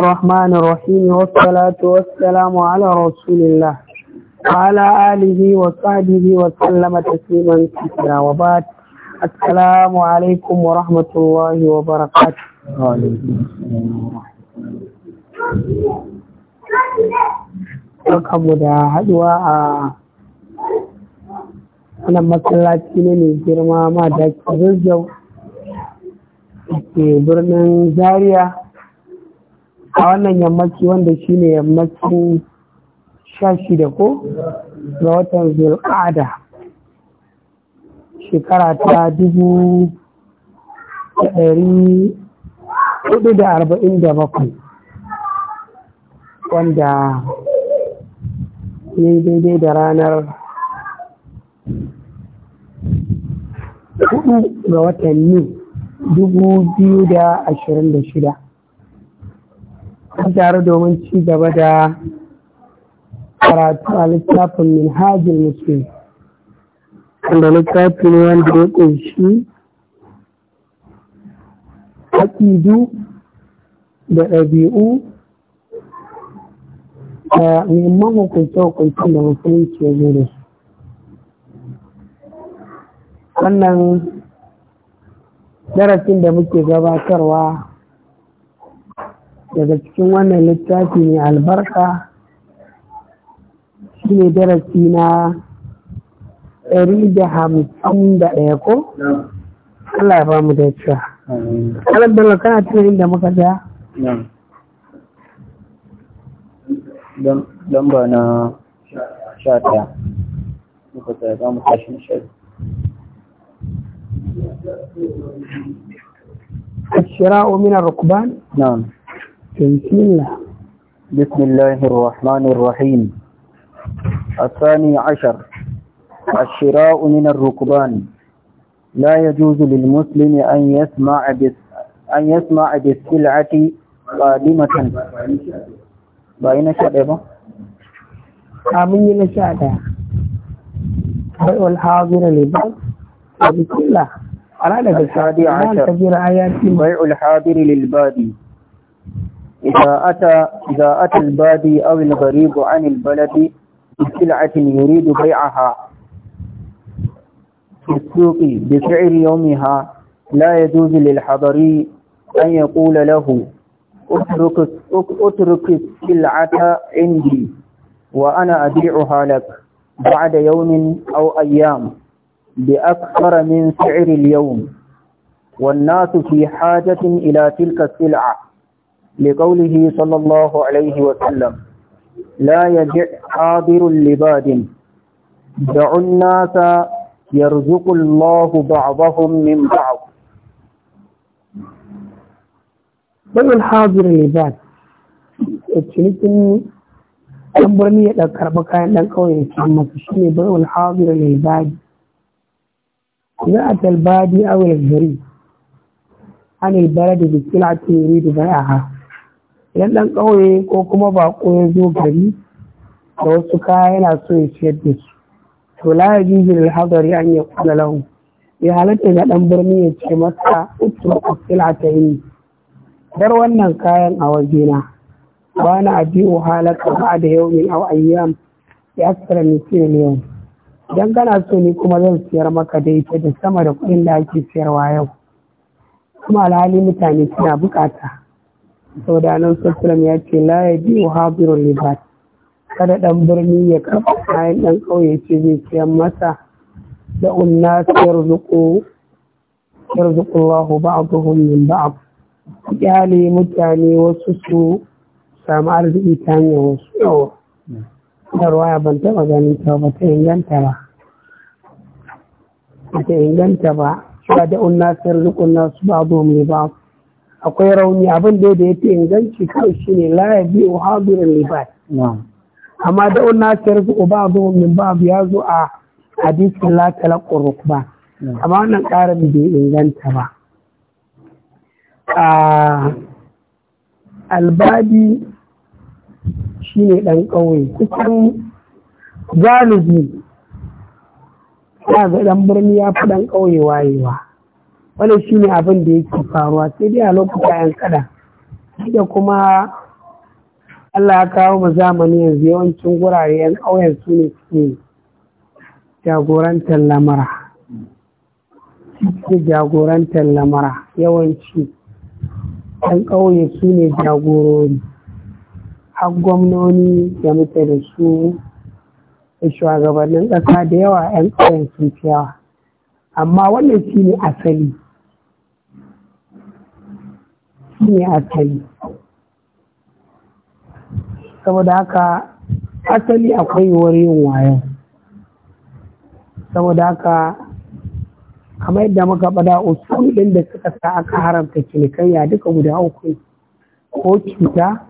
الرحمن الرحيم والصلاة والسلام على رسول الله وعلى آله وصحبه وسلم تسليما كثيرا وبعد السلام عليكم ورحمة الله وبركاته Barkanmu da haɗuwa a wannan masallaci ne mai girma ma da ke birnin Zaria a wannan yammaci wanda shi ne yammacin sha shida ko ga watan zul'ada shekara ta dubu da ɗari hudu da arba'in da bakwai wanda ya yi daidai da ranar hudu ga watanni dubu biyu da ashirin da shida an tare domin ci gaba da karatu a littafin minhajin muslim wanda littafi ne wanda ya ƙunshi aƙidu da ɗabi'u da neman hukunce-hukuncen da musulunci ya zo da su wannan darasin da muke gabatarwa daga cikin wannan littafi mai albarka shi ne darasi na ɗari da hamsin da ɗaya ko? Allah ya ba mu da cewa. Alam Bello kana tuna inda muka tsaya? Lamba na sha ɗaya. Muka tsaya za mu tashi shaɗi. الشراء من الركبان نعم بسم الله بسم الله الرحمن الرحيم الثاني عشر الشراء من الركبان لا يجوز للمسلم أن يسمع بس أن يسمع بالسلعة قادمة بأين شعبه؟ أمين شعبه بيع الحاضر للبيع وبسم الله أراد عشر بيع الحاضر للبادي إذا أتى, إذا أتى البادي أو الغريب عن البلد بسلعة يريد بيعها في السوق بسعر يومها لا يجوز للحضري أن يقول له أترك, أترك السلعة عندي وأنا أبيعها لك بعد يوم أو أيام بأكثر من سعر اليوم والناس في حاجة إلى تلك السلعة لقوله صلى الله عليه وسلم لا يجع حاضر لباد دعوا الناس يرزق الله بعضهم من بعض بل الحاضر لباد أمبرني إذا كربك عند كوي أما تشني بل الحاضر لباد إذا أتى أو الجري عن البلد بالسلعة يريد بيعها idan ɗan ƙauye ko kuma baƙo ya zo gari da wasu kaya yana so ya ciyar da su to la ya jijin alhazari an ya kula lahu ya halatta ga ɗan birni ya ce masa utu a ta yi bar wannan kayan a waje na. ba na ajiyu halaka ba da yau ne au ayyam ya tsara ne ce yau idan kana so ni kuma zan siyar maka da ita da sama da kuɗin da ake siyarwa yau kuma alhali mutane suna bukata saboda nan ya ce laye biyu bi muhabirun libat kada dan birni ya karɓa kayan dan ƙauye ce zai siyan masa da unna yarzuqu yarzuqu Allah ba'dhum min a kyale mutane wasu su samu arziki ta hanyar wasu yawa da ruwaya ban taɓa ganin ta ba ta inganta ba ba ta inganta ba ba da unna yarzuqu Allah ba'dhum min a akwai rauni abin da ya fi inganci kawai shi ne laye bi o hadurin amma da na ta rufe uba zo min babu ya zo a hadisin latala ƙoruk ba amma wannan ƙarin bai inganta ba albadi shi ne ɗan ƙauye kusan galibi ya ga ɗan birni ya fi ɗan ƙauye wayewa wannan ne abin da yake faruwa sai dai a lokuta yan kada da kuma Allah ya kawo mu zamani yanzu yawancin gurare yan ƙauyen su ne suke jagorantar lamara suke jagorantar lamara yawanci yan ƙauye su ne jagorori har gwamnoni da muke da su da shugabannin ƙasa da yawa yan ƙauyen sun fi yawa amma wannan shi ne asali shi ne yi saboda haka asali akwai yiwuwar yin wayan saboda haka kamar yadda muka bada usul ɗin da suka sa aka haramta cinikayya duka guda uku ko cuta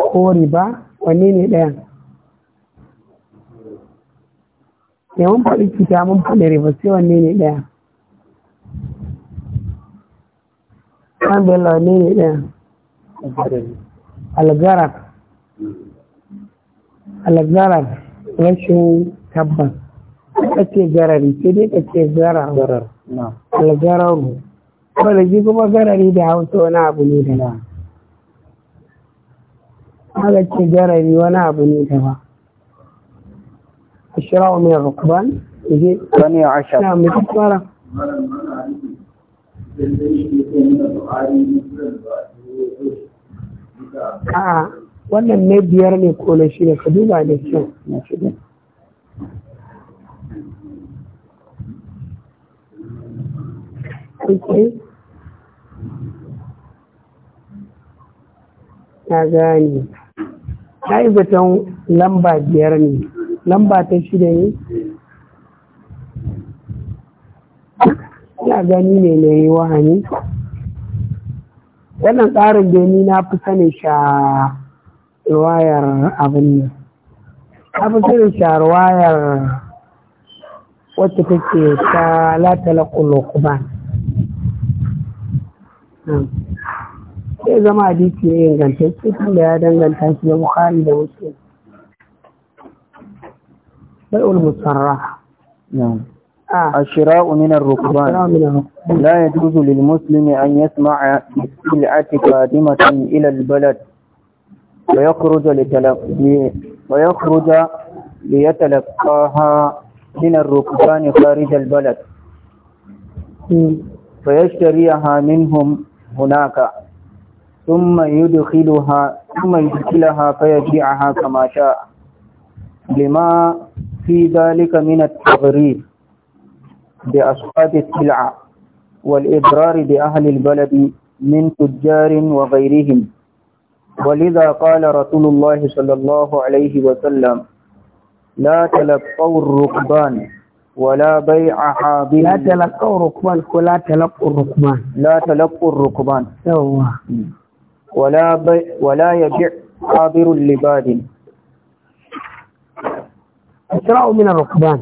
ko riba wanne ne ɗayan ne eh, mun faɗi cuta mun faɗi riba sai wanne ne ɗaya alhamdulillah ne ne ɗin algarab algarab rashin tabbas kace garari sai dai kace garar algararu kuma da ji kuma garari da hausa wani abu ne da ba haka ce garari wani abu ne da ba ashirar mai rukuban wani ya ashar na mutu fara A'a, wannan ne biyar ne ko na shida ka duba da kyau na shida. Okay. ta gani Ta yi zaton lamba biyar ne, lamba ta shida ne? gani ne na yi wahani wannan tsarin domin na fi sani sha ruwayar abin ne na fi sani sha ruwayar wacce take ta latala kulokuma hmm. sai zama aditi ne ingantacce tun da ya danganta shi da bukari da muslim bai'ul musarra الشراء من الركبان لا يجوز للمسلم أن يسمع بالسلعة قادمة إلى البلد ويخرج لتلقي ويخرج ليتلقاها من الركبان خارج البلد فيشتريها منهم هناك ثم يدخلها ثم يدخلها فيبيعها كما شاء لما في ذلك من التغريب بأصحاب السلعة والإضرار بأهل البلد من تجار وغيرهم ولذا قال رسول الله صلى الله عليه وسلم لا تلقوا الركبان ولا بيع حاضر لا تلقوا الركبان ولا تلقوا الركبان لا تلقوا الركبان ولا بي ولا يبيع حاضر لباد اسرعوا من الركبان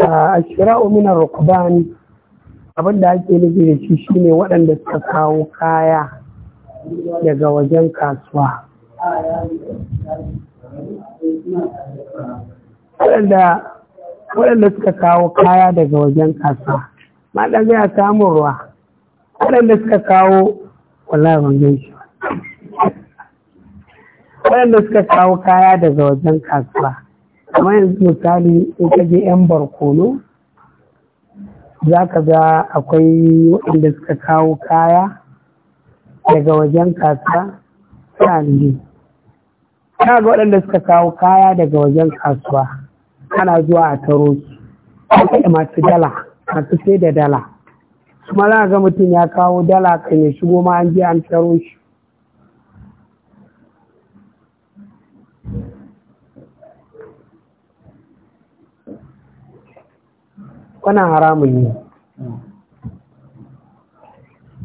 a shira'u minar rukuban abin da ake nufi da shi shine waɗanda suka kawo kaya daga wajen kasuwa waɗanda suka kawo kaya daga wajen kasuwa maɗan zai samun ruwa waɗanda suka kawo wallahi ban gan shi waɗanda suka kawo kaya daga wajen kasuwa kamar yanzu misali in ka je yan barkono za ka ga akwai waɗanda suka kawo kaya daga wajen kasuwa ta ne ka ga waɗanda suka kawo kaya daga wajen kasuwa ana zuwa a taro su masu dala masu sai da dala kuma za ga mutum ya kawo dala kan ya shigo ma an je an taro shi wannan haramun ne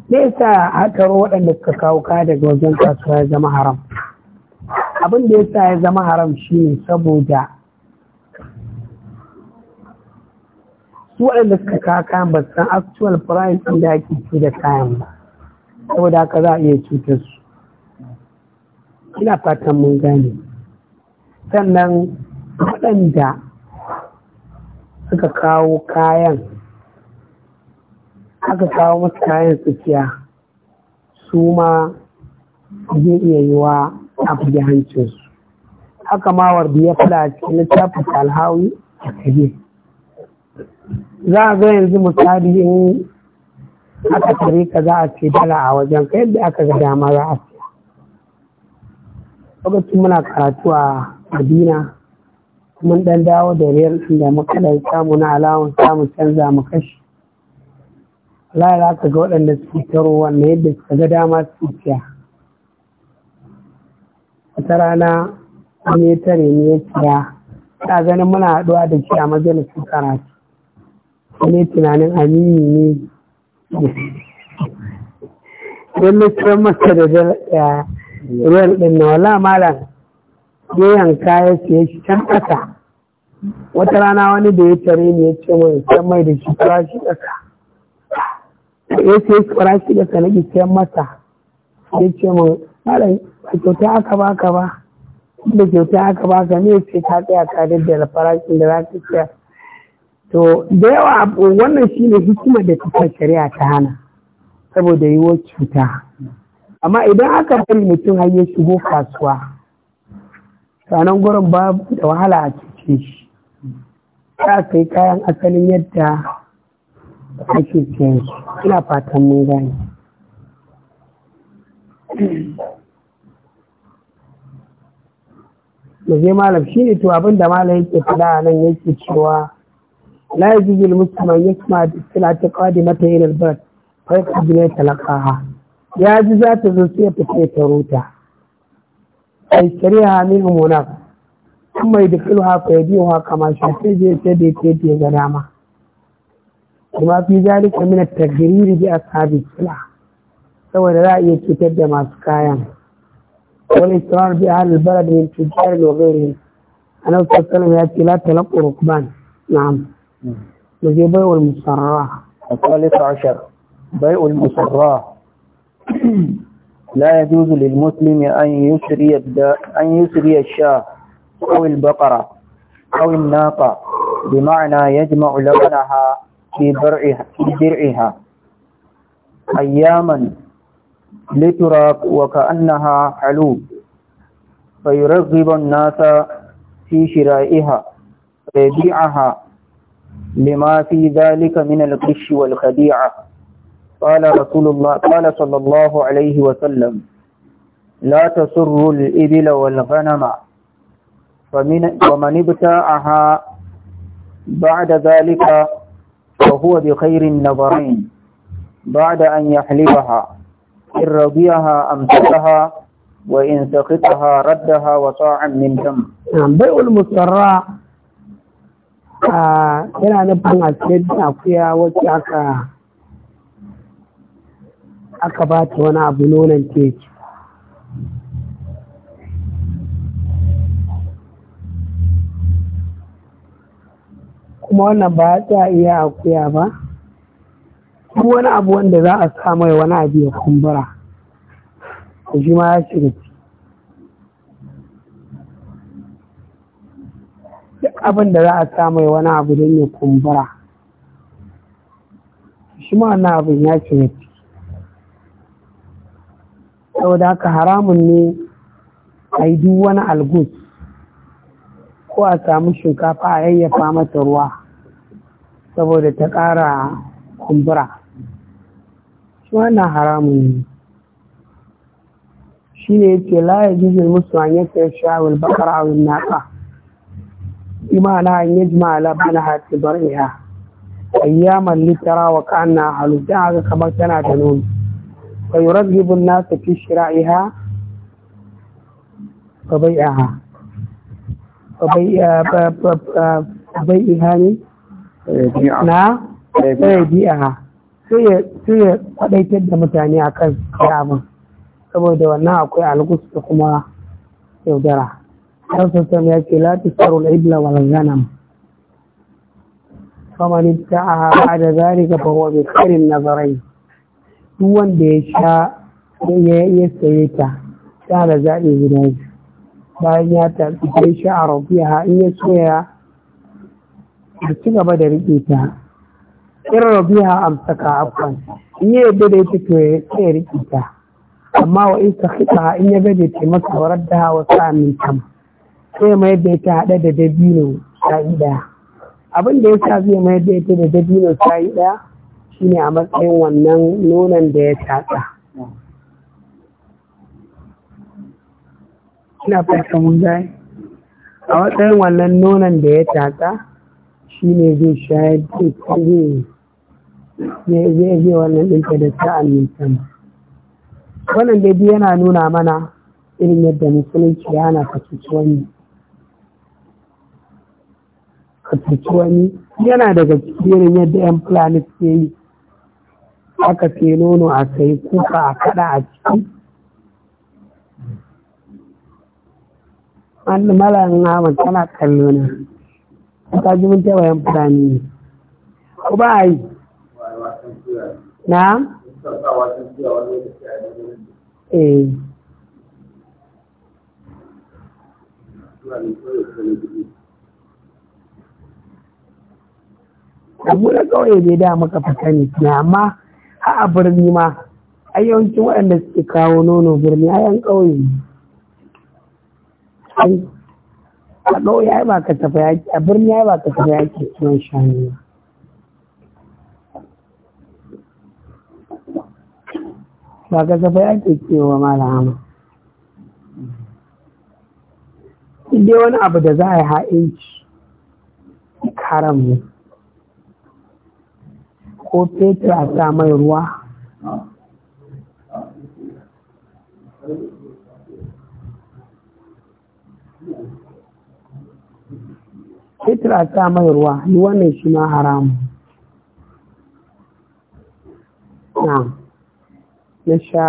me yasa aka ro waɗanda suka kawo kaya daga wajen kasuwa ya zama haram abin da yasa ya zama haram shi ne saboda su waɗanda suka kawo kayan ba san actual price ɗin da ake ci da kayan ba saboda haka za a iya cutar su ina fatan mun gane sannan waɗanda suka kawo kayan aka kawo masu kayan tsakiya su ma zai iya yi wa tafi hancinsu haka ma da ya fada cikin littafin talhawi a kaje za a ga yanzu misali in aka tare ka za a ce dala a wajen ka yadda aka ga dama za a ce lokacin muna karatu a madina mun ɗan dawo da riyar da muka ɗan samu na alawun samun canza mu kashi Allah ya ka ga waɗanda suke taro wannan yadda suka ga dama su siya wata rana wani ya tare ne ya siya ta ganin muna haɗuwa da shi a majalisun karatu wani tunanin amini ne don na cikin masa da ruwan eh, ɗin na wala malam ya yanka ya siya shi can ƙasa wata rana wani da ya tare ne ya ce mai sayan mai da shi farashi ƙasa ya ce farashi ƙasa na sayan masa ya ce mai mara ba kyauta aka ba ka ba da kyauta aka ba ka ne ya ce ta tsaya ka daddara farashin da za ka ce to da yawa wannan shi ne hikima da ta shari'a ta hana saboda yiwuwar cuta amma idan aka bari mutum har ya shigo kasuwa sanan gurin babu da wahala a cikin shi za ka yi kayan asalin yadda ake siyan ina fatan mun gani da zai malam shi ne to abin da malam yake fada a nan yake cewa la ya kuma da sila ta kwadi mata ila albat fa yakhdina talaqaha ya ji za ta zo sai ta ce ta ruta ai shari'a min munaf ثم يدخلها فيبيعها كما شاء سيدي تيتي غرامة وما في ذلك من التغرير بأصحاب السلع سوى رأي كتاب ماسكايا والإصرار بأهل البلد من تجار وغيرهم أنا صلى الله عليه وسلم يأتي لا تلقوا ركبان نعم وجبيع المسراة الثالث عشر بيع المسراة لا يجوز للمسلم أن يسري أن يسري الشاه أو البقرة أو الناقة بمعنى يجمع لبنها في درعها, في درعها أياما لتراك وكأنها حلوب فيرغب الناس في شرائها ويبيعها لما في ذلك من الغش والخديعة قال رسول الله قال صلى الله عليه وسلم لا تسر الإبل والغنم فمن ومن ابتاعها بعد ذلك فهو بخير النظرين بعد أن يحلبها إن رضيها أمسكها وإن سقطها ردها وصاعا من دم نعم بيع المسرع yana نبقى a cikin وشاكا أكبات aka بنون ba kuma wannan ba ta iya akuya ba Kuma wani abu wanda za a sa mai wani abu ya kumbura to shi ma ya shiga ci duk abin da za a sa mai wani abu don ya kumbura shi ma wani abu ya shiga Yau da haka haramun ne a yi duk wani algus ko a samu shinkafa a yayyafa mata ruwa saboda ta ƙara kumbura shi wannan haramun ne shi ne yake laye jizil musu an yake ya bakar a naka imana an yi jima labana hati bar iya ayyaman litara wa na halu don haka kamar tana da nono fa yi nasa fi shira'iha fa ba fa iya ne Eh, na sai eh, ya eh, bi'a sai ya kwadaitar da mutane a kan abin saboda wannan akwai algus da kuma yaudara har sassan ya ce lati tsaro ibla wal ganam ta a hada da zari ga bawa mai karin nazarai duk wanda ya sha ya saye ta ta da zaɓi guda bayan ya tafi sai sha a rafiya in ya soya da ci gaba da riƙe ta rabi rabiha amsaka afwan in ya yadda da ita to ya riƙe ta amma wa in ka hita in ya gaje ta masa warar da hawa sa'amin tam sai mai da ita haɗe da dabino sa'i ɗaya abin da ya sa zai mai da ita da dabino sa'i ɗaya shine a matsayin wannan nonon da ya tatsa ina fata mun gani a matsayin wannan nonon da ya tatsa shi ne zai shayar da ne zai zai wannan ɗinka da ta aminta wannan da biyu yana nuna mana irin yadda musulunci yana fasuci wani fasuci wani yana daga cikin yadda yan fulani ke yi aka sai nono a sai kuka a kada a ciki malamin Ahmad tana kallo ka ji mun tewa yan fulani ko ba yi eh. na eh abu da kawai bai da maka fita ne na amma a birni ma a yawancin waɗanda suke kawo nono birni a yan ƙauye a ƙauye ai ba ka tafi yaki a birni ai ba ka tafi yaki kiwon shanu ba ba ka tafi yaki kiwo malama dai wani abu da za a yi ha'inci karan mu ko fetur a sa mai ruwa fitra ta sa mai yi wannan shi ma haramu na sha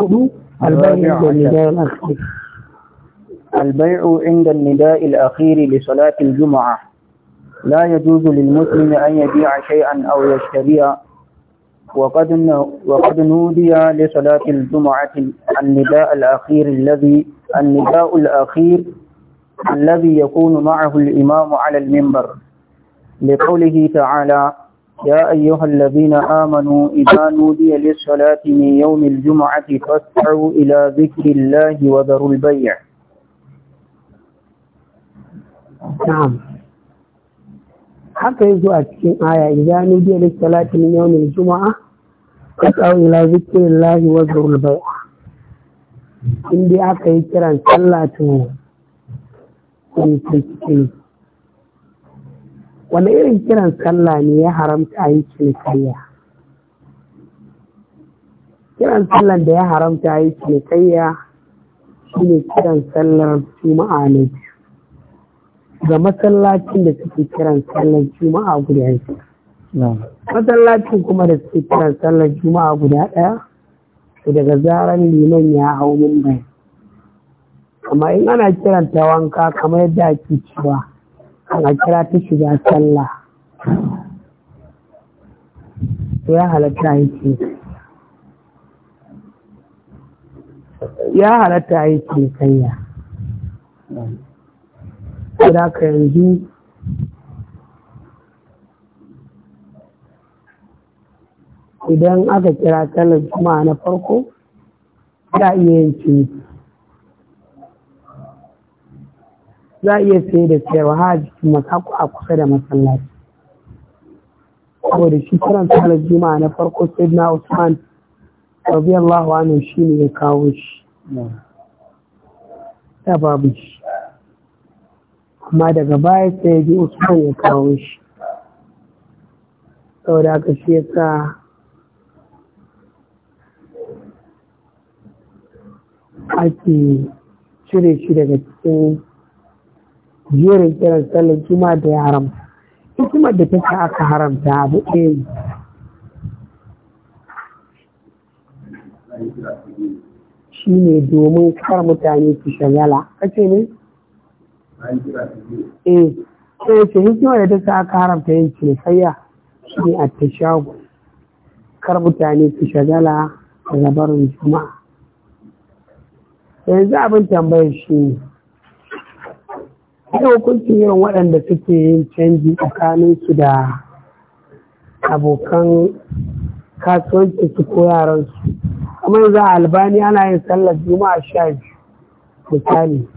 hudu البيع عند النداء الأخير لصلاة الجمعة لا يجوز للمسلم أن يبيع شيئا أو يشتري وقد وقد نودي لصلاة الجمعة النداء الأخير الذي النداء الأخير الذي يكون معه الإمام على المنبر لقوله تعالى يا أيها الذين آمنوا إذا نودي للصلاة من يوم الجمعة فاسعوا إلى ذكر الله وذروا البيع نعم حتى yazo a آية إذا نودي للصلاة من يوم الجمعة فاسعوا إلى ذكر الله وذروا البيع zikrillahi wa zurul صلاته wani irin kiran sallah ne ya haramta a yi cinikayya kiran sallar da ya haramta a yi cinikayya shi ne kiran sallar juma'a ne ga masallacin da suke kiran sallar juma'a guda ɗaya masallacin kuma da suke kiran sallar juma'a guda ɗaya daga zarar liman ya hau min bai amma in ana kiranta wanka kamar yadda ake cewa ana kira ta shiga sallah ya halatta yake ya halatta yake kanya da ka yanzu idan aka kira sallar kuma na farko za iya yin ciniki za iya saye da sayarwa a jikin masaku a kusa da masallaci saboda shi kiran sallar juma'a na farko sai na usman wa anhu shi ne ya kawo shi Ya babu shi amma daga baya sai ya ji usman ya kawo shi saboda haka shi ya sa ake cire shi daga cikin jerin kiran sallar juma'a da ya haramta kuma da ta sa aka haramta abu ɗaya shi ne domin kar mutane su shagala kace ne? eh sai ce hikimar da ta sa aka haramta yin cinikayya shi ne a ta shago kar mutane su shagala a labarin juma'a yanzu abin tambayar shi ne Ina hukuncin yawan waɗanda suke yin canji tsakaninsu da abokan kasuwanci su ko yaransu. Kamar yanzu a Albani ana yin sallar Juma'a sha biyu misali.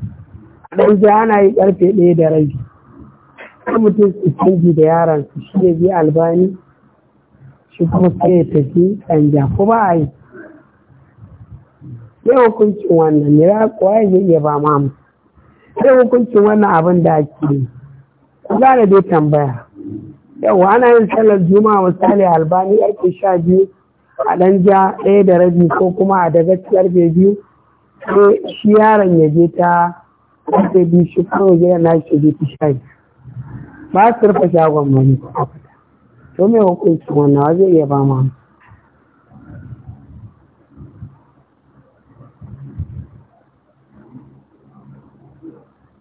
A ɗan ana yi ƙarfe ɗaya da rabi. Kuma mutum su canji da yaransu shi ne bi Albani shi kuma sai ya tafi ɗanja ko ba a yi. Yau hukuncin wannan ya kuwa ya iya ba mamu. sai hukuncin wannan abin da ake yi ku gane dai tambaya yau ana yin sallar juma'a misali albani ake sha biyu a ɗan ja ɗaya da rabi ko kuma a daga karfe biyu sai shi yaron ya je ta ake biyu shi kuma ya na shi je ta sha biyu ba su rufe shagon wani to mai hukuncin wannan zai iya ba mu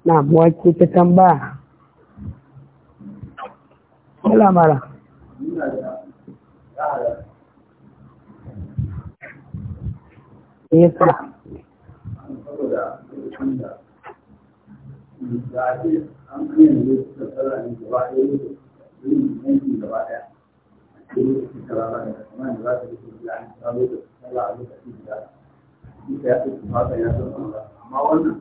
na wake ta tambaya mara yasa amma wannan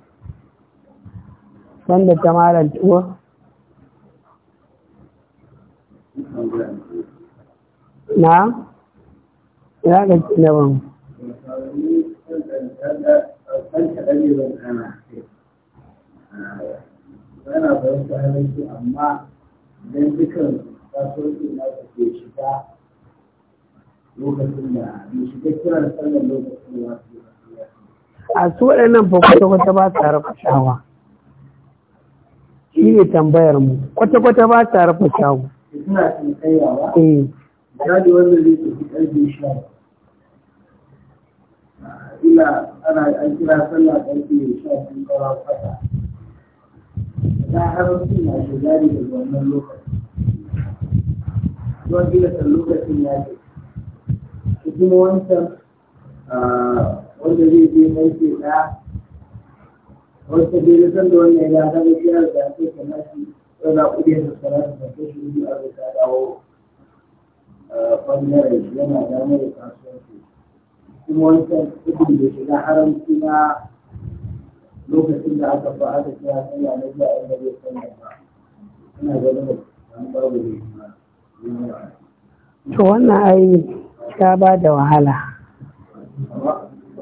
wanda ta malam tuwo na ya ga cinaban amma don na lokacin da lokacin da a su waɗannan ba kwata-kwata ba su harfa shawa shi ne tambayar mu kwata-kwata ba ta rufe shago ina tsayawa eh misali wanda zai ke karfe sha ila ana an kira sallah karfe sha sun kawo kwata ta har Na shiga da wannan lokaci zuwa gina san lokacin ya ce kuma wancan ah, wanda zai je mai ke ɗaya wasu biyu san da wannan ya zama shi har da kai kamar shi yana kuɗe da sanata da kai shi a zai ta dawo ɓangare yana damar da kasuwanci kuma wancan kuɗin da shiga haramci na lokacin da aka fa aka kira sallah na zuwa inda zai sallah ba ina ganin da an babu da to wannan ai ya ba da wahala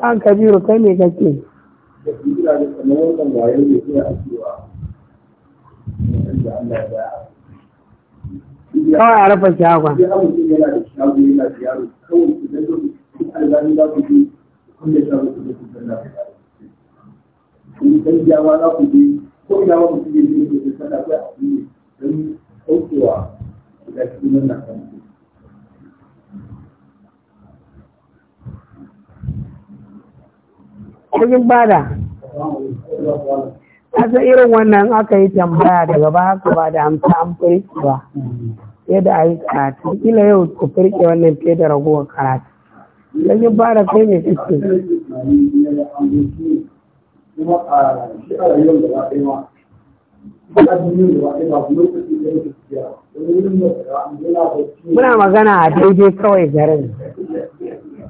an kabiru kai ne kake da fitila da kamar wannan wayo da ke a cewa wanda kawai a rafa shagon. cikin bada kasa irin wannan aka yi tambaya daga ba haka ba da amsa an firki ba yadda a yi karatu kila yau ku firke wannan fiye da ragowar karatu cikin bada kai mai fiske Muna magana a daidai kawai garin.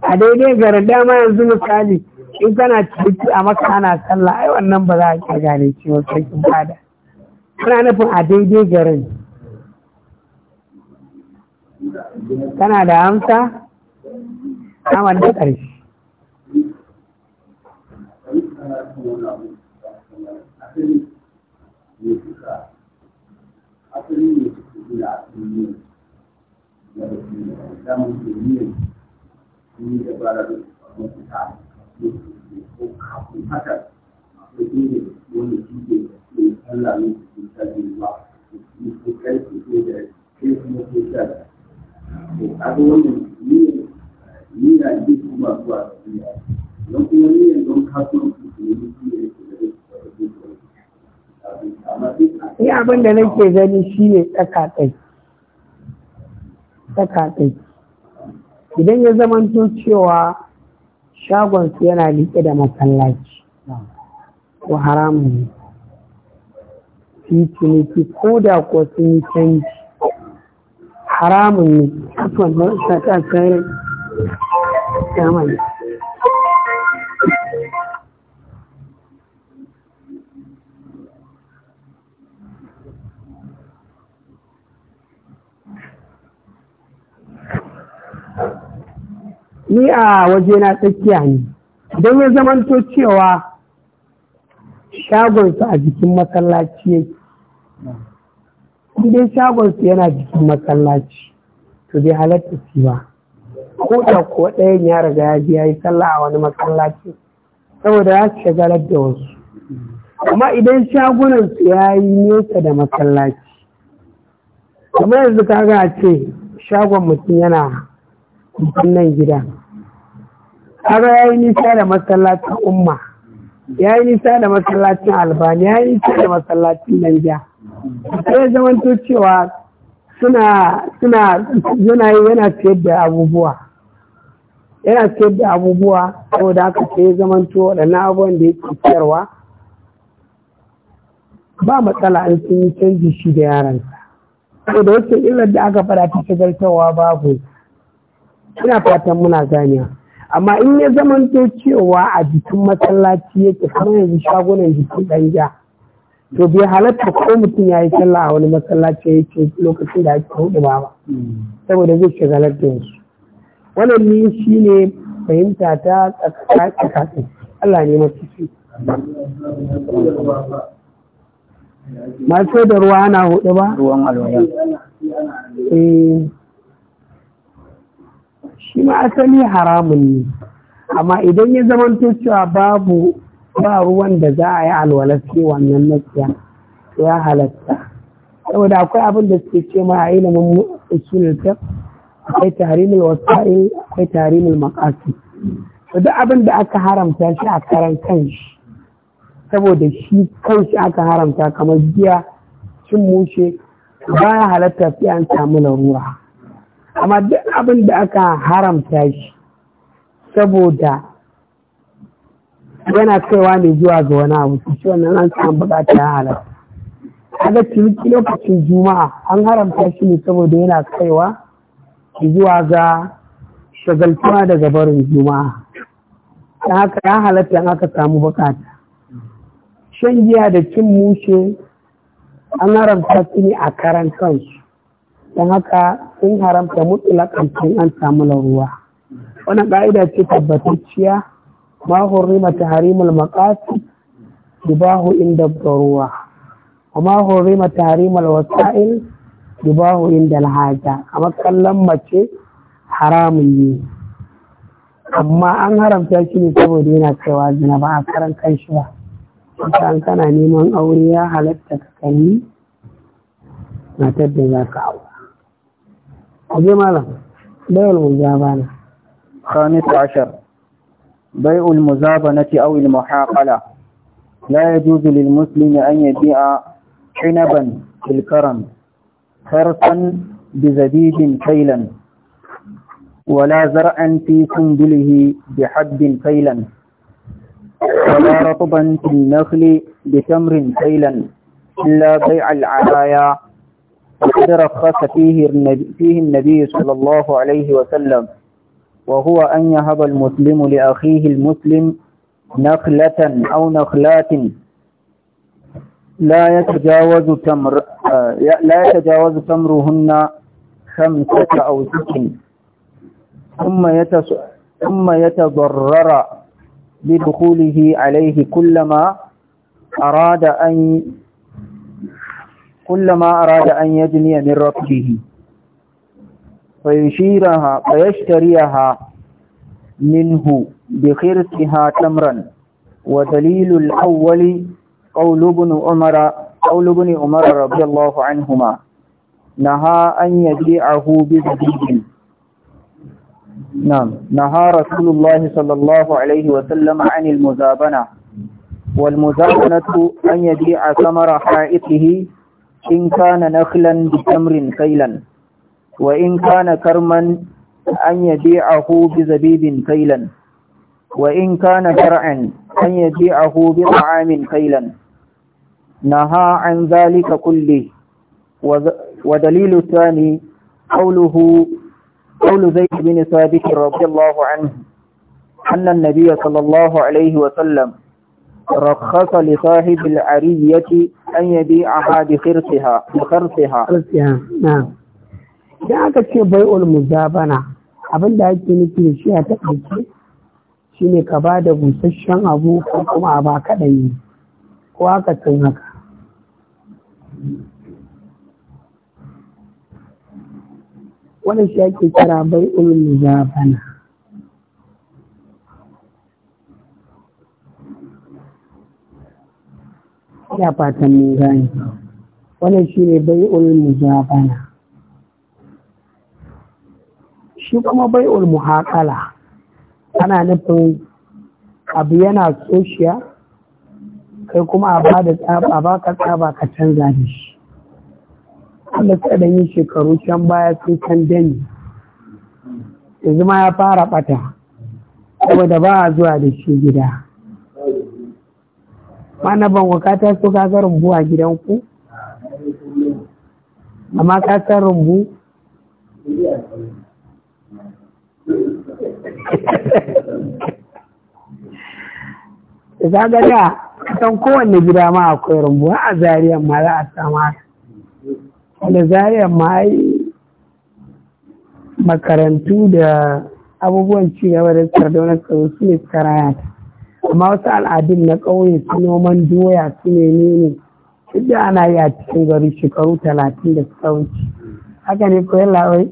A daidai garin dama yanzu misali in kana ciki a maka ana sallah ai wannan ba za a kira gane cewa kai bada. kana nufin a daidai garin kana da amsa kama da ƙarshe Thank you. ko kafin haka wanda da ke ke kuma ne kuma zuwa duniya don nake gani shi ne tsakatsai. Idan ya zamanto cewa shagon su yana liƙe da masallaci ko haramun titi ne ki ko da ko sun yi canji haramun ne kasuwan na shaƙa sayarai ya mai ni a waje na tsakiya ne don ya zamanto cewa shagonsu a jikin masallaci yake idan shagonsu yana jikin masallaci to bai halatta su ba ko da ko ɗayan ya riga ya biya yi sallah a wani masallaci saboda ya shagalar da wasu amma idan shagunansu ya yi nesa da masallaci kamar yanzu kaga a ce shagon mutum yana wannan gida ya yi nisa da masallacin umma ya yi nisa da masallacin albani yi nisa da masallacin danja sai zaman to cewa suna suna yana yana ciyar da abubuwa yana ciyar da abubuwa saboda haka sai zaman to waɗannan abubuwan da yake ciyarwa ba matsala an sun yi canji shi da yaransa saboda wacce illar da aka fara ta shagaltarwa babu ina fatan muna ganiya amma in ya zamanto cewa a jikin masallaci yake kamar yanzu shagunan jikin ɗanja to bai halatta ko mutum ya yi sallah a wani masallaci ya ce lokacin da ake hudu ba saboda zai shagalar da yansu wannan ni shi ne fahimta ta tsakatsakin Allah ne mafi su masu da ruwa ana hudu ba shi ma asali haramun ne amma idan ya zama cewa babu ba ruwan da za a yi alwalar sai wannan nakiya ya halatta saboda akwai abin da suke ce ma a ilimin usulul fiqh akwai tarihin wasa'il akwai tarihin maqasid to duk abin da aka haramta shi a karan kanshi saboda shi kanshi aka haramta kamar giya cin mushe baya halatta sai an samu larura amma duk abin da aka haramta shi saboda yana kaiwa ne zuwa ga wani abu su ci wannan an samu bukata ya halatta ga ciniki lokacin juma'a an haramta shi ne saboda yana kaiwa zuwa ga shagaltuwa daga barin juma'a ta haka ya halatta aka samu bukata shan giya da cin mushe an haramta su ne a karan kansu don haka sun haramta mutlaƙan tun an samu laruwa wannan ƙa'ida ce tabbatacciya ma hurrima tahrimul maqasid Dubahu inda daruwa wa ma ta harimul wasa'il Dubahu inda alhaja kamar kallon mace haramun yi. amma an haramta shi ne saboda yana kaiwa zina ba a karan kan shi ba an kana neman aure ya halatta ka kani Na da za ka aure aje malam bai'ul muzabana khamis ashar bai'ul muzabanati aw al muhaqala لا يجوز للمسلم أن يبيع حنبا بالكرم خرصا بزبيب كيلا ولا زرعا في سنبله بحب كيلا ولا رطبا في النخل بتمر كيلا إلا بيع العرايا وقد رخص فيه النبي, فيه النبي صلى الله عليه وسلم وهو أن يهب المسلم لأخيه المسلم نخلة أو نخلات لا يتجاوز تمر آه، لا يتجاوز تمرهن خمسة أو ست ثم ثم يتضرر بدخوله عليه كلما أراد أن كلما أراد أن يجني من ربه فيشيرها فيشتريها منه بخرسها تمرا ودليل الأول قول ابن عمر قول ابن عمر رضي الله عنهما نهى أن يبيعه بزبيب نعم نهى رسول الله صلى الله عليه وسلم عن المزابنة والمزابنة أن يبيع ثمر حائطه إن كان نخلا بتمر كيلا وإن كان كرما أن يبيعه بزبيب كيلا وإن كان فرعا أن يبيعه بطعام كيلا نهى عن ذلك كله ودليل الثاني قوله قول زيد بن ثابت رضي الله عنه أن النبي صلى الله عليه وسلم رخص لصاحب العرية an yabi'aha bi khirsiha bi khirsiha na. idan aka ce bai'ul muzabana abin da ake nufi da shi a shi ne ka ba da busasshen abu ko kuma a ba kaɗan ko haka tun haka Wani shi ake kira bai'ul muzabana ina fatan mun gane wannan shi ne bai'ul muzabana shi kuma bai'ul haƙala. ana nufin abu yana tsoshiya kai kuma a ba da tsaba ba ka tsaba ka canza da shi Allah tsadan yi shekaru can baya sun san dani yanzu ma ya fara ɓata saboda ba a zuwa da shi gida mana ban wakata so ka ga rumbu a gidanku amma ka san rumbu za ga da san kowanne gida ma akwai rumbu a zariyar ma za a sama da zariyar ma yi makarantu da abubuwan cigaba da sardauna su ne suka amma wasu al'adun na ƙauye su noman doya su ne duk da ana yi a cikin gari shekaru talatin da suka wuce haka ne koyon labai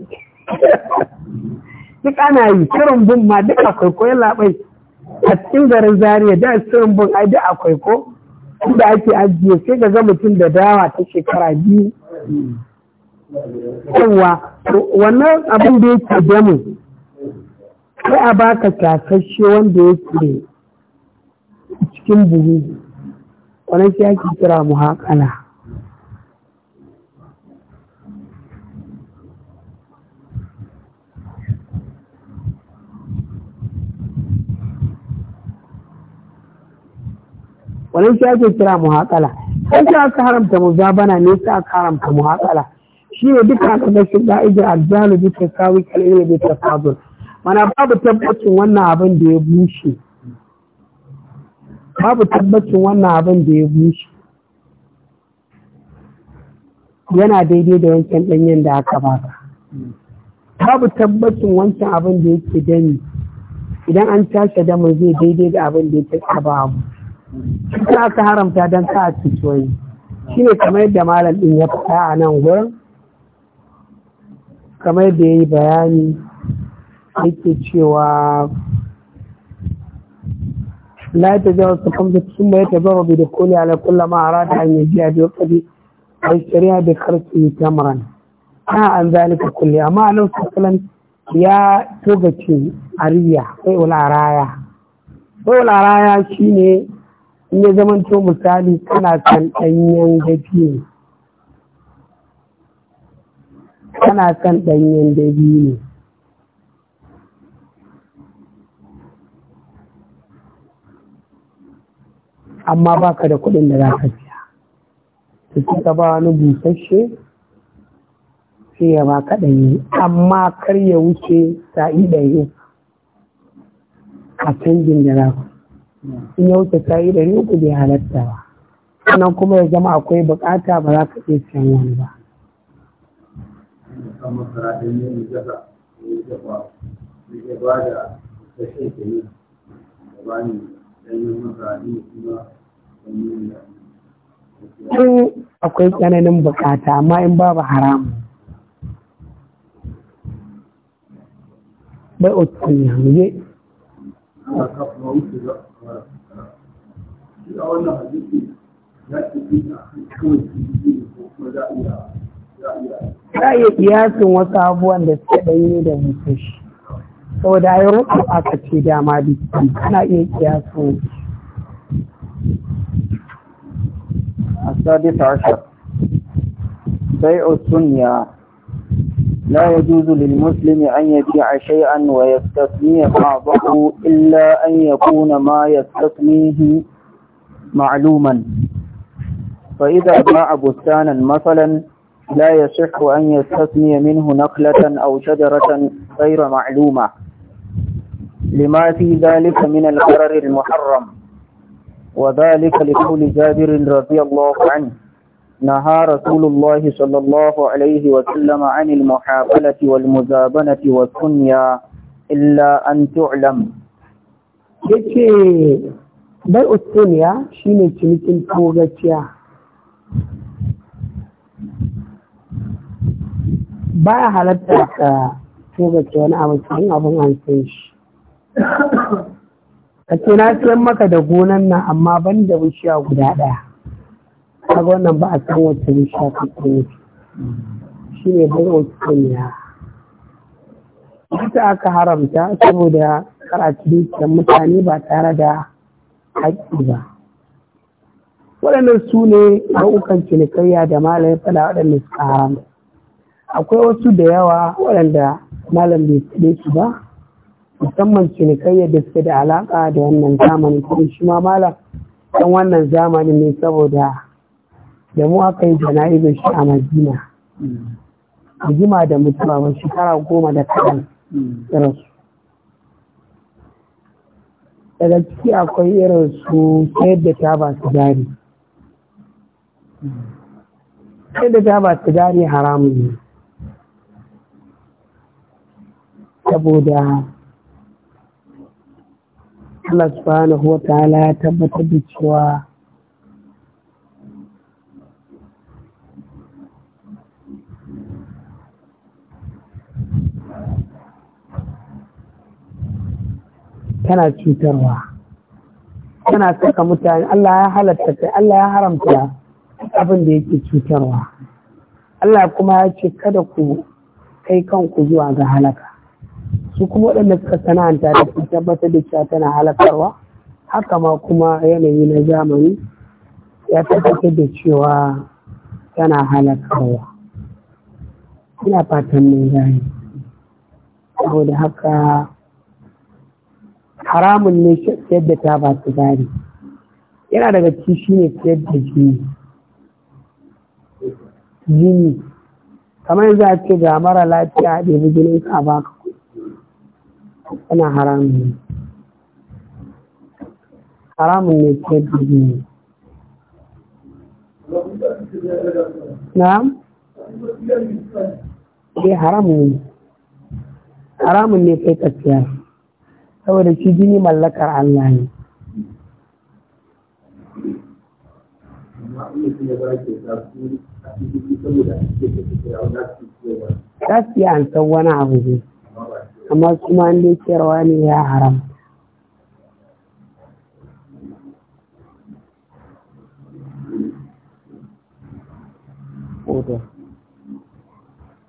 duk ana yi shirin bin ma duk akwai koyon labai a cikin garin zariya da shirin bin ai duk akwai ko inda ake ajiye sai ga ga mutum da dawa ta shekara biyu yawa wannan abin da yake damu sai a baka tasashe wanda yake cikin buhu wannan shi ake kira muhaƙala wannan shi ake kira muhaƙala sai shi aka haramta muzabana ne sai aka haramta muhaƙala shi ne duka aka gashin da'ijin aljalu bisa sawi kalilmi bisa mana babu tabbacin wannan abin da ya bushe babu tabbacin wannan abin da ya bushe yana daidai da wancan ɗanyen da aka ba. babu tabbacin wancan abin da yake dani idan an tashi damar zai daidai da abin da yake kaba abu cikin aka haramta don ka a cikin shi ne kamar yadda malam ɗin ya faɗa a nan wurin kamar da ya yi bayani yake cewa لا يتجاوز الخمسة ثم يتبرع بدخولي على كل ما أراد أن يجيء بوقته ويشتريها بخرجه تمرا عن ذلك كله أما لو مثلا يا توغتي أريا ولا رايا ولا رايا شيني إن زمن zama to misali kana kan ɗanyen dabino kana kan ɗanyen dabino amma baka da kuɗin da za ka siya to ka ba wani busasshe sai ya ba ka ɗanyi amma kar ya wuce sa'i ɗari a canjin da za ku in ya wuce sa'i ɗari uku bai halatta ba sannan kuma ya zama akwai bukata ba za ka iya siyan wani ba ba you. in akwai tsananin bukata amma in babu haram bai otu za a iya kiyasin wasu abubuwan da suka ɗanyi da mutum shi aka ce dama iya kiyasu السادس عشر بيع السنية لا يجوز للمسلم أن يبيع شيئا ويستثني بعضه إلا أن يكون ما يستثنيه معلوما فإذا باع بستانا مثلا لا يصح أن يستثني منه نخلة أو شجرة غير معلومة لما في ذلك من القرر المحرم وذلك لقول جابر رضي الله عنه نهى رسول الله صلى الله عليه وسلم عن المحاولة والمزابنة والكنيا إلا أن تعلم yake bai ustuliya شيني cinikin togaciya baya halatta ka وانا wani abu cikin abin ka ce na siyan maka da gonan nan amma ban da bishiya guda ɗaya ga wannan ba a san wata bishiya ta kone shi ne bai wacce ya ita aka haramta saboda karatu da mutane ba tare da haƙƙi ba waɗannan su ne ra'ukan cinikayya da malam ya faɗa waɗanda suka haramta akwai wasu da yawa waɗanda malam bai su ba musamman cinikayya da suke da alaƙa da wannan zamanin kuma shi ma malam ɗan wannan zamanin ne saboda da mu aka yi jana'izar shi a madina a jima da mutuwa ba shekara goma da kaɗan irin su daga ciki akwai irin su sayar da taba sigari sayar da taba sigari haramun ne saboda Allah subhanahu wa ta'ala ya tabbatar da cewa tana cutarwa tana saka mutane Allah ya halatta kai Allah ya haramta abin da yake cutarwa Allah kuma ya ce kada ku kai kanku zuwa ga halaka su kuma waɗanda suka sana'anta da su tabbatar da cewa tana halakarwa haka ma kuma yanayi na zamani ya tabbatar da cewa tana halakarwa ina fatan mai gani saboda haka haramun ne siyar da su gari, yana daga kishi ne siyar da jini jini kamar yanzu a ce ga mara lafiya a ɗebi jinin ka baka yana haramun ne haramun ne ke dubi ne na? dai haramun ne haramun ne ke tafiya saboda shi jini mallakar Allah ne Gaskiya an san wani abu zai. amma kuma an dai ciyarwa ne ya haram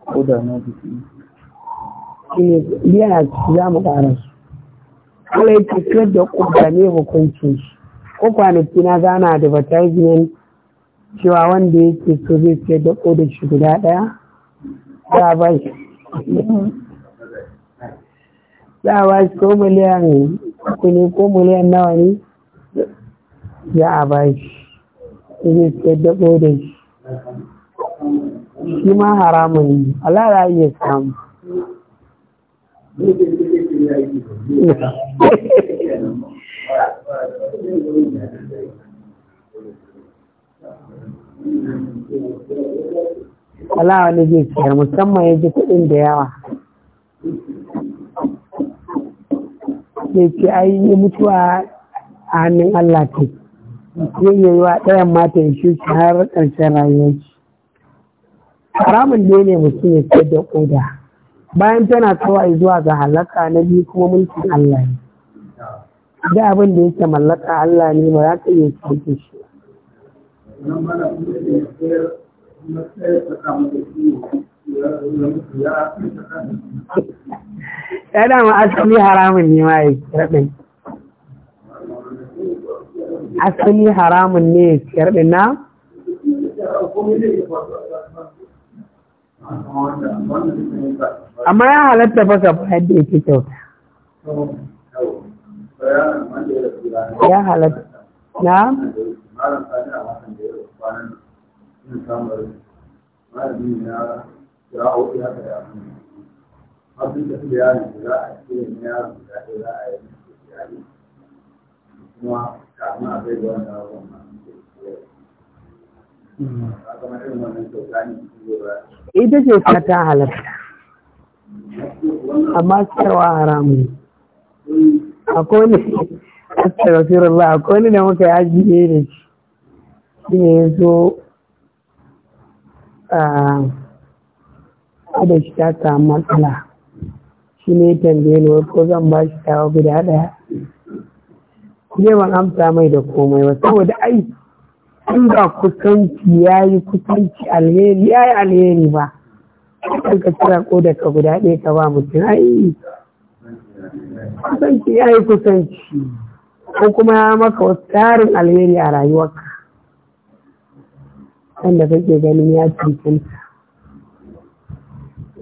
koda na jiki yana za mu ƙara su kuma ya tafiyar da koda ne hukuncin shi ko kwanaki na zana da advertisement cewa wanda yake so zai ciyar da koda shi guda ɗaya ya ba shi mm-hmm. za a bashi ko miliyan uku ne ko miliyan nawa ne za a bashi ne zai siyar da shi shi ma haramun ne Allah iya samu Allah wani zai musamman ya ji kuɗin da yawa da ke ai mutuwa a hannun Allah ta yi yi wa ɗayan mata ya shi har ƙarshen rayuwarci haramun da ne mutum ya ce da ƙoda bayan tana kawai zuwa ga halaka na biyu kuma mulkin Allah ne da abin da yake mallaka Allah ne ba za ka iya sauke shi ya dama asali haramun ne ma ya raɗin asali haramun ne ya raɗin na amma ya halatta baka bayar da yake kyauta ya halatta na Thank you. a auki haka da abin abin da yaro da za a ce na yaro da za a yi kuma a zai ne wani yaro ita ce fata halatta amma cewa haramu akwai ne astagfirullah akwai ne da muka yi ajiye da shi ne ya zo ah, kada shi ta samu matsala shi ne tambaye ni ko zan ba shi tawa guda ɗaya ne ban amsa mai da komai ba saboda ai in ba kusanci ya yi kusanci alheri ya yi alheri ba kan ka kira ko da ka guda ɗaya ka ba mutum ai kusanci ya yi kusanci ko kuma ya maka wasu tarin alheri a rayuwarka wanda kake ganin ya cancanta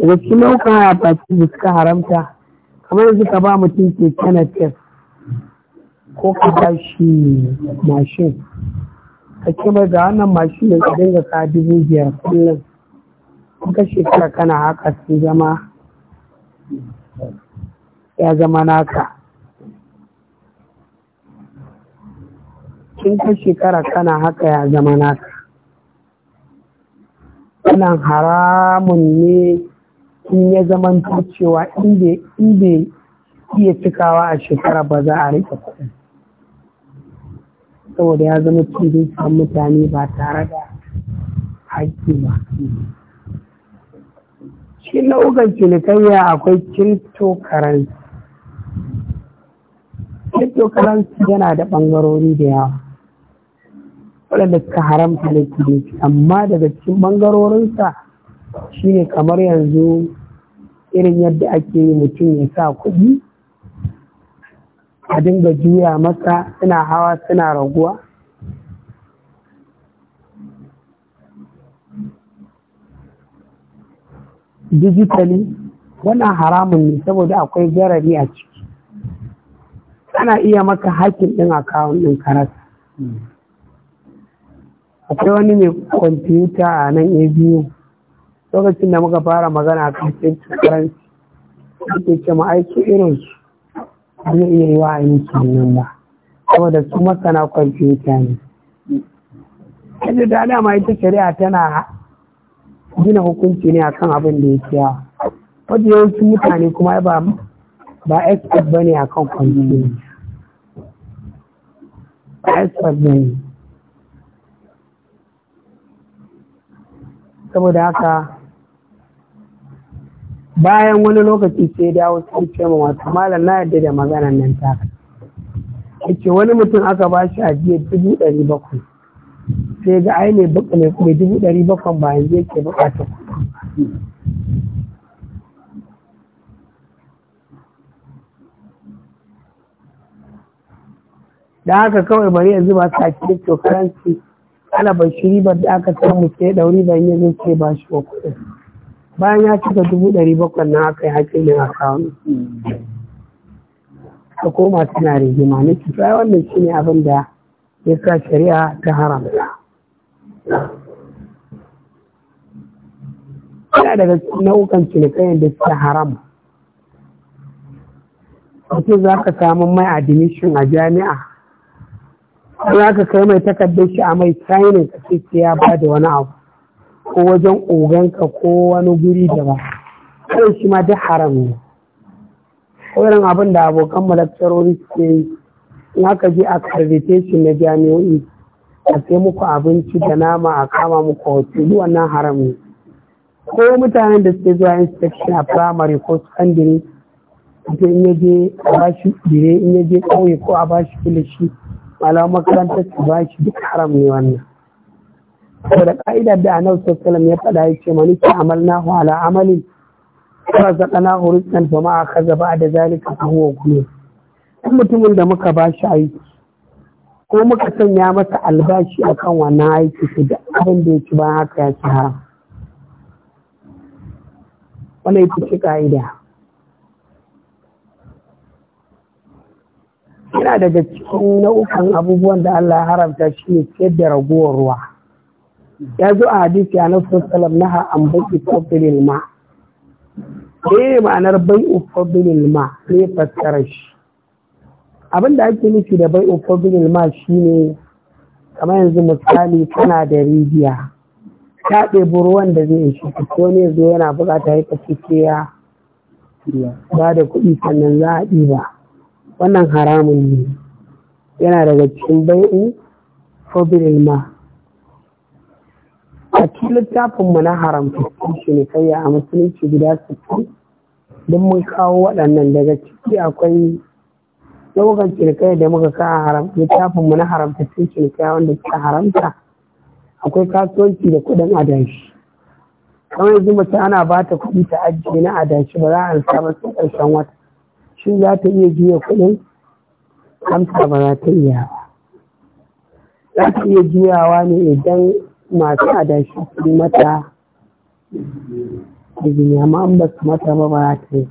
daga cikin nau'ukan hayafaki da suka haramta kamar yanzu ka ba mutum keke na tef ko ka tashi shi mashin ka ce mai ga wannan mashin da ka dinga ka dubu biyar kullum kuka shekara kana haka sun zama ya zama naka kin ka shekara kana haka ya zama naka wannan haramun ne in ya zaman cewa in bai iya cikawa a shekara ba za a rike kuɗin saboda ya zama cikin mutane ba tare da haƙƙi ba shi ugan cinikayya akwai cryptocurrency cryptocurrency yana da ɓangarori da yawa waɗanda suka haramta da ciniki amma daga cikin ɓangarorinsa shine kamar yanzu irin yadda ake yi mutum ya sa kuɗi a dinga juya masa suna hawa suna raguwa Dijitali wannan haramun ne saboda akwai garari a ciki ana iya maka hakin ɗin akawun ɗin karasa hmm. akwai wani mai kwamfuta a nan abu lokacin da muka fara magana kan cryptocurrency ake ce ma'aiki irin su zai iya yi wa ainihin nan ba saboda su masana kwamfuta ne kaji da dama ita shari'a tana gina hukunci ne akan abin da yake yawa wadda yawancin mutane kuma ba ba expert bane akan kwamfuta ba expert bane saboda haka bayan wani lokaci sai dawo sai ce ma wata malam na yadda da maganan nan ta yace wani mutum aka ba shi ajiyar dubu ɗari bakwai sai ga ai mai mai dubu ɗari bakwai bayan zai ke buƙatar da haka kawai bari yanzu ba sa cokaranci ana ban ribar da aka samu sai ɗauri bayan yanzu zai ce ba shi wa kuɗin bayan ya cika dubu ɗari bakwai na aka yi ne a kawo ta koma tana rigima na ci sai wannan shi ne abin da ya sa shari'a ta haramta yana daga nau'ukan cinikai da suke haram wato za ka samu mai admission a jami'a za ka kai mai takardar shi a mai signing ka ya ba da wani abu ko wajen oganka ko wani guri daban kawai shi ma duk haram ne wurin abin da abokan wuri suke yi in aka je a karbitation na jami'o'i a sai muku abinci da nama a kama muku hotelu wannan haram ne ko mutanen da suke zuwa inspection a primary ko secondary mutum in yaje a bashi dire in yaje ƙauye ko a bashi kilishi malaman makarantar su bashi duk haram ne wannan saboda ƙa'idar da annabi sallallahu ya faɗa ya ce mani ki amalna hu ala amalin rasa hu rizqan fa ma akhadha da zalika fa huwa ghulul mutumin da muka ba shi aiki ko muka sanya masa albashi a kan wannan aiki su da abin da ya ci haka ya ci haram wannan ita ce ka'ida yana daga cikin nau'ukan abubuwan da Allah ya haramta shi ne ciyar da raguwar ruwa ya zo a hadisi a nasu salam na ha an bai fadilil ma ne ma'anar bai fadilil ma ne fassara shi abin da ake nufi da bai fadilil ma shi ne kamar yanzu misali tana da rijiya ta ɗebo ruwan da zai ta ko ne zo yana bukata ya kace ya ba da kuɗi sannan za a ɗiba wannan haramun ne yana daga cikin bai'u fadilil ma cikin littafin mu na haramtattun shi ne kai a musulunci guda sittin don mun kawo waɗannan daga ciki akwai ɗaukar cirkai da muka ka haram littafin mu na ne kai wanda suka haramta akwai kasuwanci da kuɗin adashi kamar yanzu mace ana ba ta kuɗi ta ajiye na adashi ba za a ansa ba ƙarshen wata shin za ta iya juya kuɗin amsa ba za ta iya ba za ta iya juyawa ne idan masu adashi sun mata izini amma an basu su mata ba ba ta yi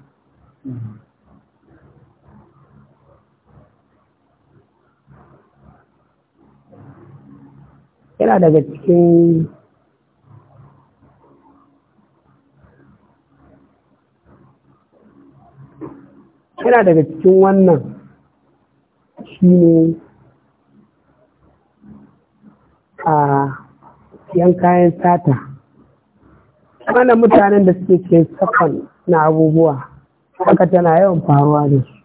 yana daga cikin yana daga cikin wannan shi ne a siyan kayan sata wannan mutanen da suke ke sakon na abubuwa haka tana yawan faruwa da su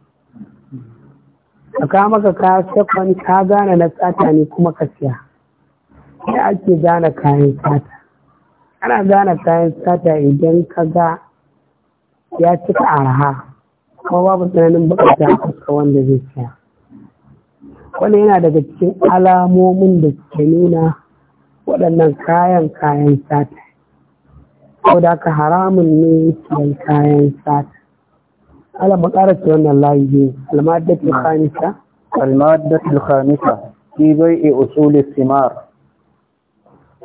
a ka maka ka sakon ka gane na sata ne kuma ka siya ya ake gane kayan sata ana gane kayan sata idan ka ga ya cika arha kuma babu tsananin bukata a fuska wanda zai siya wani yana daga cikin alamomin da suke nuna waɗannan kayan kayan sata ko da ka haramun ne kayan kayan sata ala maƙararci wannan layi ne almadat al-khamisa almadat al-khamisa fi bai'i usulis simar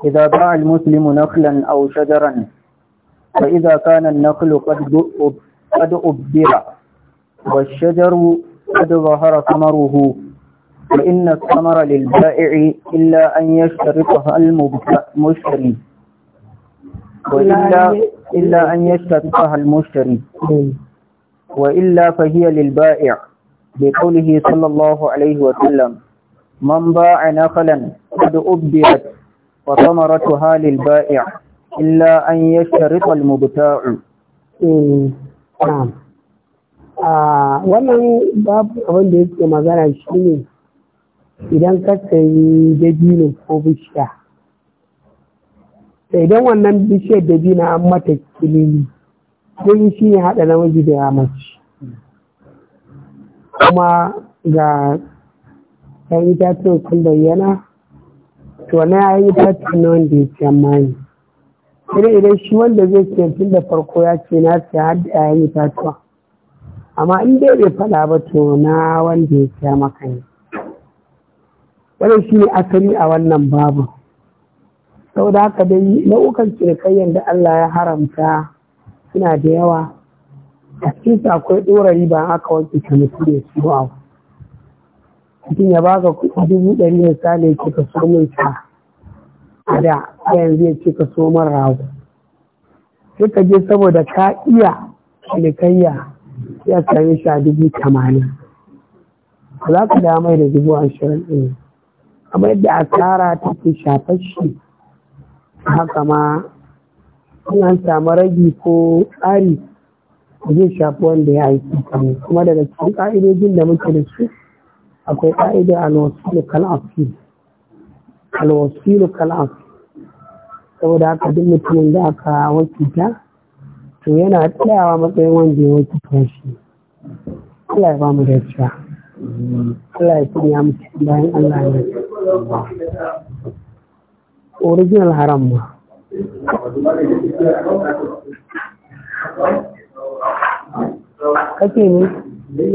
idza ba'a al-muslimu naqlan aw shajaran fa idza kana an-naqlu qad qad ubdira wa ash-shajaru qad zahara thamaruhu فإن الثمر للبائع إلا أن يشترطها المشتري وإلا إلا أن يشترطها المشتري وإلا فهي للبائع بقوله صلى الله عليه وسلم من باع نخلا قد أبدت وثمرتها للبائع إلا أن يشترط المبتاع نعم wannan babu abin da yake magana shi ne idan ka sayi dabino ko bishiya idan wannan bishiyar dabino an mata kilini kun shi ne haɗa namiji da ya mace kuma ga ɗan itatuwan kun bayyana to na ya yi itatuwan na wanda ya ce mani idan idan shi wanda zai ce tun da farko ya ce na ce har da ya yi itatuwa amma in dai bai faɗa ba to na wanda ya ce maka ne wannan shi ne asali a wannan babu Sau da haka dai nau'ukan cinikayyar da Allah ya haramta suna da yawa a cikin su akwai ɗorari ba aka wanke ta mutu da su a mutum ya baka kuɗi dubu ɗari misali ya ce ka so min sa a da yanzu ya cika ka so min rago sai je saboda ka iya cinikayya ya sami sha dubu tamanin za ka damar da dubu ashirin ɗin kamar yadda ta ke shafar shi haka ma in samu ragi ko tsari, zai shafi wanda ya aiki kamar kuma daga cikin ƙa'idojin da muke da su akwai ƙa'idar alwasilu kal'afi alwasilu kal'afi saboda haka duk mutumin da aka wakita to yana tsayawa matsayin wanda ya wakita shi Allah ya ba mu da Allah ya sanya mu bayan Allah ya original haram ma kake ne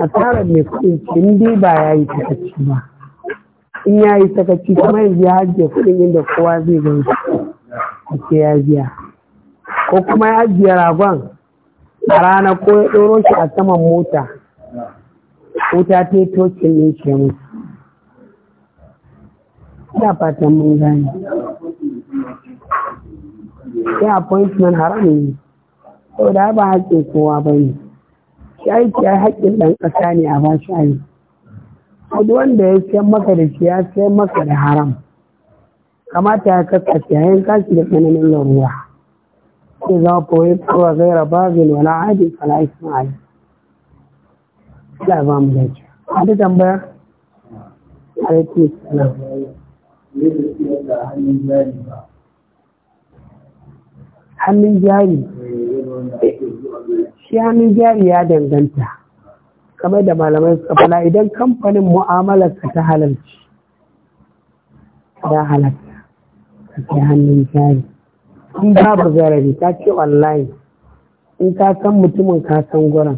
a tara mai kudin in dai ba ya yi sakaci ba in ya yi sakaci kuma yanzu ya Hajjiya kudin inda kowa zai gan a ce ya biya ko kuma ya ajiye ragon a rana ko ya ɗoro shi a saman mota wuta ta ne ke mu ya fatan mun gani ya appointment haram ne da ba haƙƙin kowa ba ne shi aiki ya haƙƙin ɗan ƙasa ne a ba shi aiki duk wanda ya sayan maka da shi ya sayan maka da haram kamata ya kaskace yayin kashi da tsananin ruwa Zai zama fawai kowa gaira bazin wala adi kala ismail Allah ba mu dace a da tambaya hannun jari shi hannun jari ya danganta kamar da malamai suka fala idan kamfanin mu'amalarsa ta halarci ya halarta ka sai hannun jari in babu zarari ta ce online in ka san mutumin ka san gurin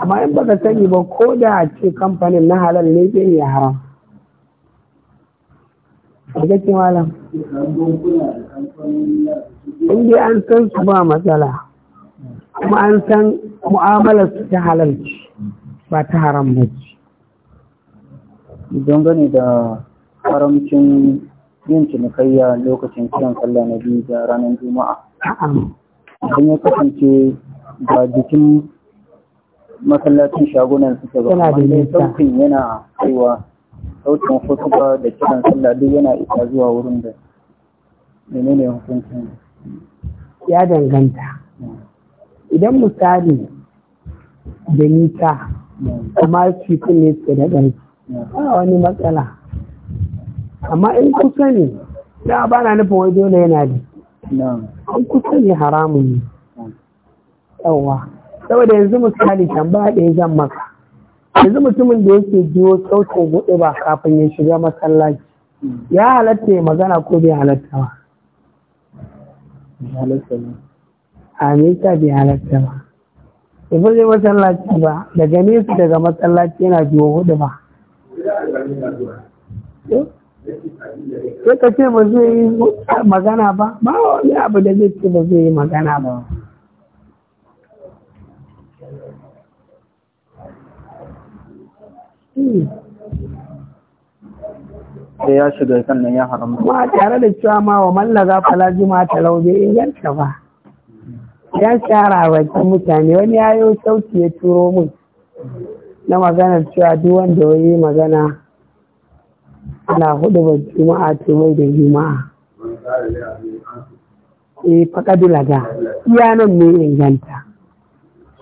amma in ka sani ba ko da ce kamfanin na halal ne zai yi haram A ce malam in dai an san su ba matsala kuma an san mu'amala su ta halal ba ta haram ba ce gani da haramcin yin cinikayya lokacin kiran sallah na biyu da ranar juma'a idan ya kasance ba jikin masallacin shagunan su ta zama dai yana kaiwa sautin hutuba da kiran sallah duk yana isa zuwa wurin da menene hukuncin ya danganta idan misali da nita kuma cikin ne suke da ɗarki ba wani matsala amma in kusa ne da ba na nufin wai dole yana da in kusa ne haramun ne yawwa saboda yanzu misali tambaya ɗaya zan maka yanzu mutumin da yake jiwo sautin buɗe ba kafin ya shiga masallaci ya halatta ya magana ko bai halatta ba a nesa bai halatta ba ya fulle masallaci ba daga nesa daga masallaci yana jiwo hudu ba sai ka ce ba zai yi magana ba ba wani abu da zai ce ba zai yi magana ba sai ya shiga sannan ya haramta ba tare da cewa ma wa mallaza falajima talau bai inganta ba ya shara bakin mutane wani ya yi ya turo mun na magana cewa duk wanda wani magana ana hudu ba juma'a ce mai da juma'a eh faƙadu laga iya nan ne inganta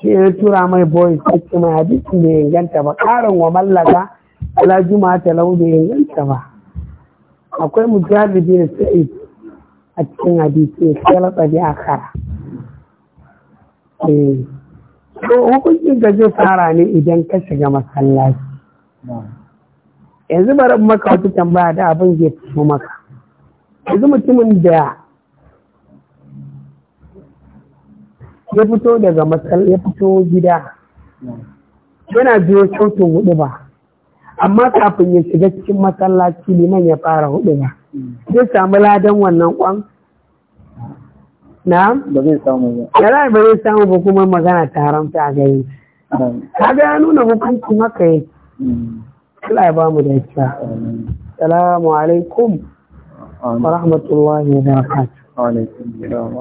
shi ya tura mai boy sai mai hadisi da inganta ba karin wa mallaka ala juma'a talau da inganta ba akwai mujahidi da sai a cikin hadisi ya kala tsabi a kara eh hukuncin da zai fara ne idan ka shiga masallaci yanzu bari maka wata tambaya da abin zai fito maka yanzu mutumin da ya fito daga matsal ya fito gida yana biyo cocin hudu ba amma kafin ya shiga cikin masallaci liman ya fara hudu ba zai samu ladan wannan kwan na ba zai samu ba yana ba zai samu ba kuma magana ta haramta a gari kaga ya nuna maka haka ce Allah ya ba mu da ita salamu alaikum wa rahmatullahi wa barakatuh